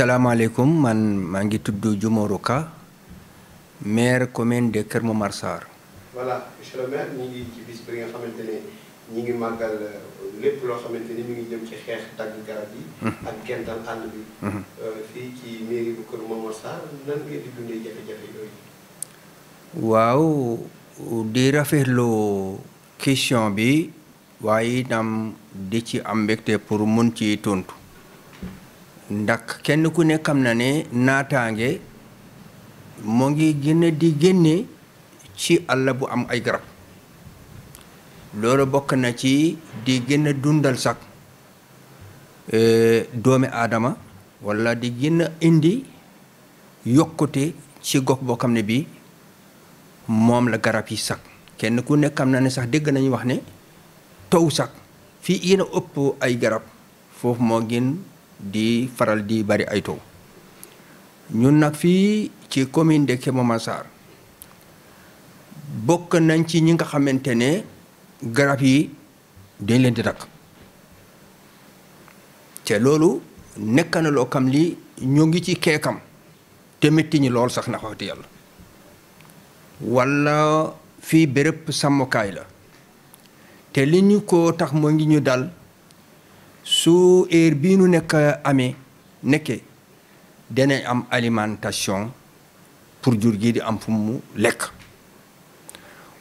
Assalamualaikum, man maa ngi tudd Jumoru Ka maire commune de Kër Momar Sarr. voilà monsieur le maire ñu ngi ci bis bi nga xamante ne ngi màggal lépp loo xamante mi ngi jëm ci xeex dagg garab ak bi. ci mairie bu nan ngeen di dundee jafe-jafe waaw di rafetlu question bi di ci am mbégte pour ci tontu. ndax kenn ku nekkam na ne naataange moo ngi génn di génne ci àll bu am ay garab loolu bokk na ci di gën a dundal sax e, doomi aadama walla di génn indi yokkute ci gox boo xam ne bii moom la garab yi sax kenn ku nekk xam na ne sax dégg nañu wax ne taw sax fii yéen a ëpp ay garab foofu moo génn di faral di bari ay taw ñun nag fii ci commune de Keur Massar bokk nañ ci ñi nga xamante ne garab yi dañ leen di takk te loolu nekk na loo xam li ñoo ngi ci keekam te métti ñi lool sax na xawti yàlla wala fii béréb sàmmukaay la te li ñu ko tax moo ngi ñu dal su heure bii nu nekk amee nekkee danañ am alimentation pour jur gi di am fu mu lekk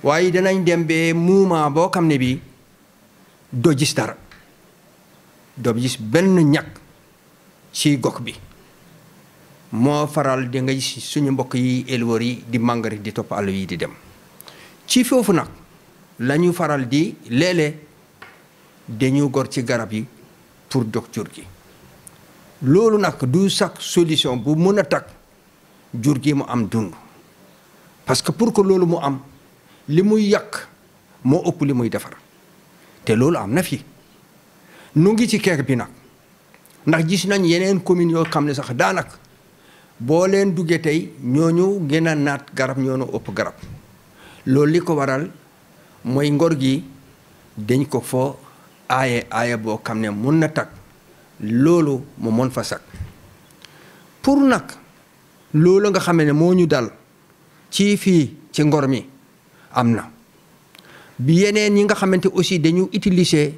waaye danañ dem ba moment boo xam ne bi doo gis dara doo benn ñàkk ci gox bi moo faral di nga suñu mbokk yi éleveurs yi di màngari di topp àll yi di dem ci foofu nag lañu faral di léeg-léeg dañu gor ci garab yi pour jox jur gi loolu nag du sax solution bu mën a takk jur gi mu am dund parce que pour que loolu mu am li muy yàq moo ëpp li muy defar te loolu am na fi nu ngi ci keek bi nag ndax gis nañ yeneen communes yoo xam ne sax daanaka boo leen duggee tey ñoo ñooñu gën a naat garab ñooñu ëpp garab loolu li ko waral mooy ngor gi dañ ko foo aaye aaye boo xam ne mun na takk loolu mu mën fa sakk pour nag loolu nga xam ne moo ñu dal ci fii ci ngor mi am na bi yeneen yi nga xamante aussi dañu utiliser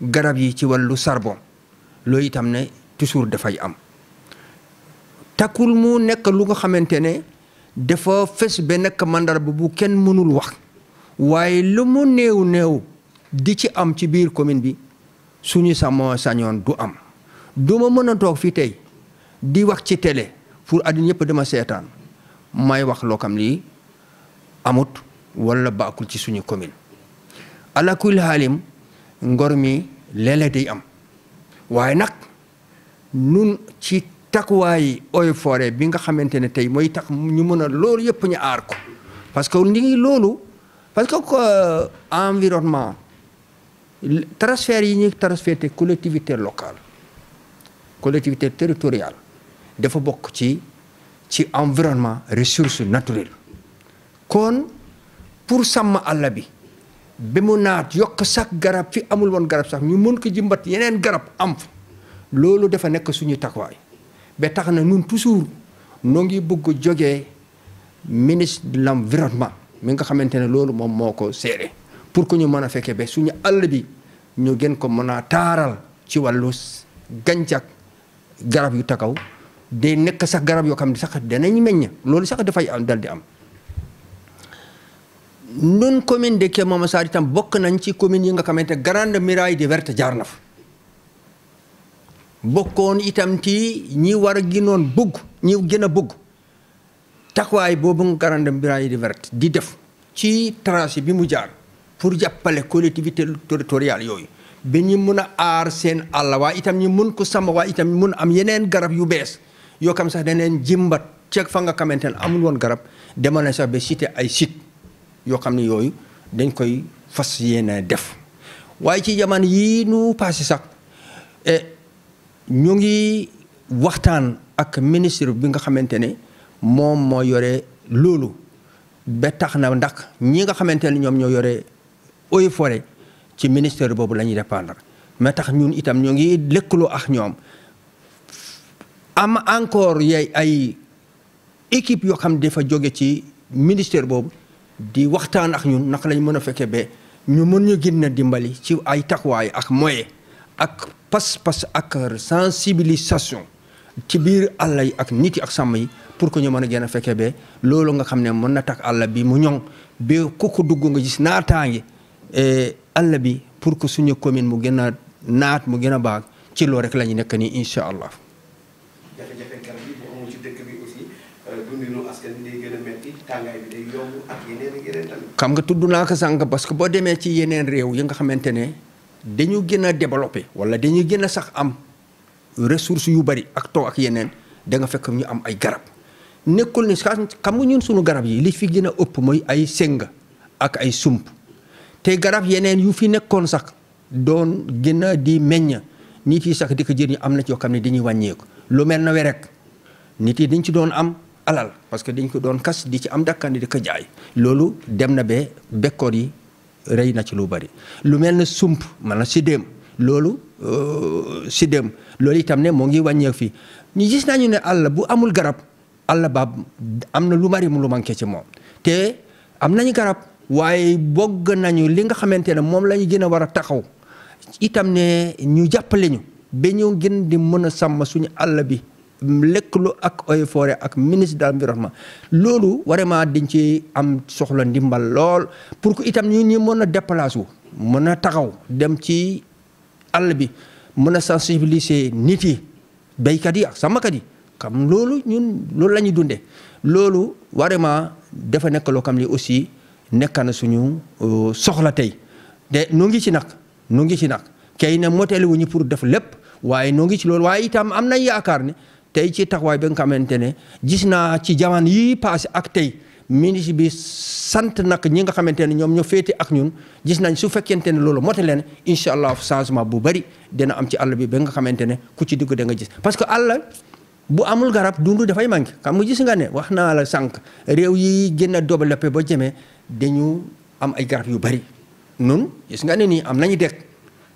garab yi ci wàllu charbon loo itam ne toujours dafay am takkul mu nekk lu nga xamante ne dafa fes ba nekk màndarba bu kenn mënul wax waaye lu mu néew néew di ci am ci biir commune bi suñu sama sañoon du am ma mën a toog fii tey di wax ci télé pour àddina yëpp dama seetaan may wax loo xam lii amut wala baakul ci suñu commune ala kulli xaalim ngor mi léeg-léeg am waaye nag nun ci takkuwaayi eaux et forêts bi nga xamante ne tey mooy tax ñu mën a loolu yëpp ñu aar ko parce que li ngi loolu parce que euh, environnement transfert yi ñuy transféré collectivité locale collectivité territoriale dafa bokk ci ci environnement ressource naturelle kon pour sàmm àll bi ba mu naat yokk sax garab fi amul woon garab sax ñu mën ko jëmbat yeneen garab am loolu dafa nekk suñu takwaay ba tax na ñun toujours noo ngi bëgg jógee ministre de l'environnement mi nga xamante ne loolu moom moo ko seere pour que ñu mën a fekkee ba suñu àll bi ñu gën ko mën a taaral ci wàllu gàncax garab yu takaw day nekk sax garab yoo xam ne sax danañ meññ loolu sax dafay am dal di am nun commune de Keur Momar Sarr itam bokk nañ ci commune yi nga xamante ne grande miraay de verte jaar na fa bokkoon itam ci ñi war a gënoon bugg ñi gën a bugg taxawaay boobu nga grande muraille di verte di def ci tracé bi mu jaar pour jàppale collectivité territoriale yooyu ba ñu mun a aar seen itam ñu mun ko sàmm waa itam mun am yeneen garab yu bes yoo kam sax daneen jimbat ceeg fa nga xamante amul woon garab demal sax ba cité ay site yoo xam ne dañ koy fas yene def waaye ci jamono yi nu passé sax eh, ñu ngi waxtaan ak ministre bi nga xamante ne moom moo yore loolu ba tax na ndax ñi nga xamante ne ñoo eaux et ci ministère boobu la ñuy dépendre mais tax ñun itam ñoo ngi lëkkaloo ak ñoom am encore yay ay équipe yoo xam dafa jóge ci ministère boobu di waxtaan ak ñun nax lañ mën a fekkee ba ñu mën ñu génn a dimbali ci ay taxawaay ak moyen ak pas-pas ak sensibilisation ci biir àll yi ak nit yi ak sàmm yi pour que ñu mën a gën a fekkee ba loolu nga xam ne mën na tax àll bi mu ñoŋ ba ku dugg nga gis naataange Eh, àll bi pour que suñu commune mu gën a naat mu gën a baax ci loolu rek la nekk nii incha allah. Euh, xam nga tudd naa ko sànq parce que boo demee ci yeneen réew yi nga xamante ne dañu gën a développé wala dañuy gën a sax am ressources yu bari ak taw ak yeneen danga fekk ñu am ay garab nekkul ni xam nga ñun suñu garab yi li fi gën a ëpp mooy ay senga ak ay sump. te garab yeneen yu fi nekkoon sax doon gën di meññ nit yi sax di ko jëriñ am na ci yoo xam ne dañuy wàññeeku lu mel na we rek nit yi dañ ci doon am alal parce que dañ ko doon kas di ci am dakkandi di ko jaay. loolu dem na ba bekkoor yi rey na ci lu bari lu mel na sump mën na sidéem loolu euh, siddéem loolu itam ne moo ngi wàññeeku fii ñu gis ñu ne àll bu amul garab àll ba am na lu bari mu lu manqué ci moom te am nañu garab. waaye bogg nañu li nga xamante ne moom la ñu gën a war a taxaw itam ne ñu jàppale ñu ba ñu gën di mën a sàmm suñu àll bi lëkkaloo ak Eaux ak ministre de l'environnement loolu vraiment dañ ci am soxla ndimbal lool pour que itam ñu ñu mën a déplacer wu mën a taxaw dem ci àll bi mën a sensibiliser nit yi béykat yi ak sàmmkat yi xam loolu ñun loolu la ñuy dundee loolu vraiment dafa nekk loo xam ne aussi nekk na suñu euh, soxla tey de noo ngi ci nag noo ngi ci nag kay na moteel wuñu pour def lépp waaye noo ngi ci loolu waaye itam am nañ yaakaar ni tey ci taxawaay bi nga xamante ne gis naa ci jamono yii passé ak tey ministre bi sant nag ñi nga xamante ne ñoom ñoo féete ak ñun gis nañ su fekkente ne loolu mote leen incha allah changement bu bëri dina am ci àll bi ba nga xamante ne ku ci dugg da nga gis parce que àll bu amul garab dund dafay manqué xam nga gis nga ne wax naa la sànq réew yi gën a développé ba jëmee dañu am ay garab yu bari noonu gis nga ne nii am nañu dekk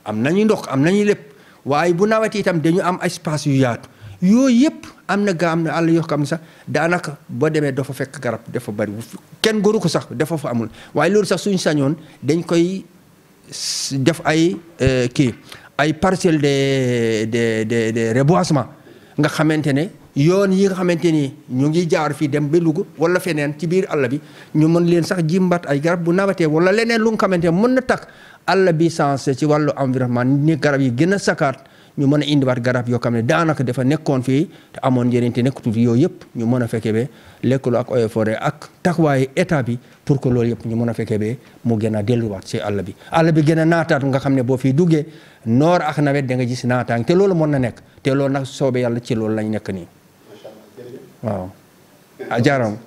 am nañu ndox am nañu lépp waaye bu nawet itam dañu am espace yu yaatu yooyu yëpp am na gaa am na àll yoo xam ne sax daanaka boo demee dafa fekk garab dafa bari kenn góoru ko sax dafa fa amul waaye loolu sax suñu sañoon dañ koy def ay euh, kii ay parcelle de de de de reboisement nga xamante ne yoon yi nga xamante ni ñu ngi jaar fii dem ba Louga wala feneen ci biir àll bi ñu mën leen sax jimbat ay garab bu nawatee wala leneen lu nga xamante ne mën na takk àll bi sensé ci wàllu environnement ni garab yi gën a sakaat ñu mën a indiwaat garab yoo xam ne daanaka dafa nekkoon fii te amoon njëriñ te nekkatul yooyu yëpp ñu mën a fekkee be lekkaloo ak Eaux Forêts ak taxawaayu état bi pour que loolu yëpp ñu mën a fekkee be mu gën a delluwaat si àll bi àll bi gën a naataat nga xam ne boo fii duggee noor ak nawet da nga gis naataang te loolu mën na nekk te loolu nag soobee yàlla ci loolu lañ nekk nii waaw a ah, jaaram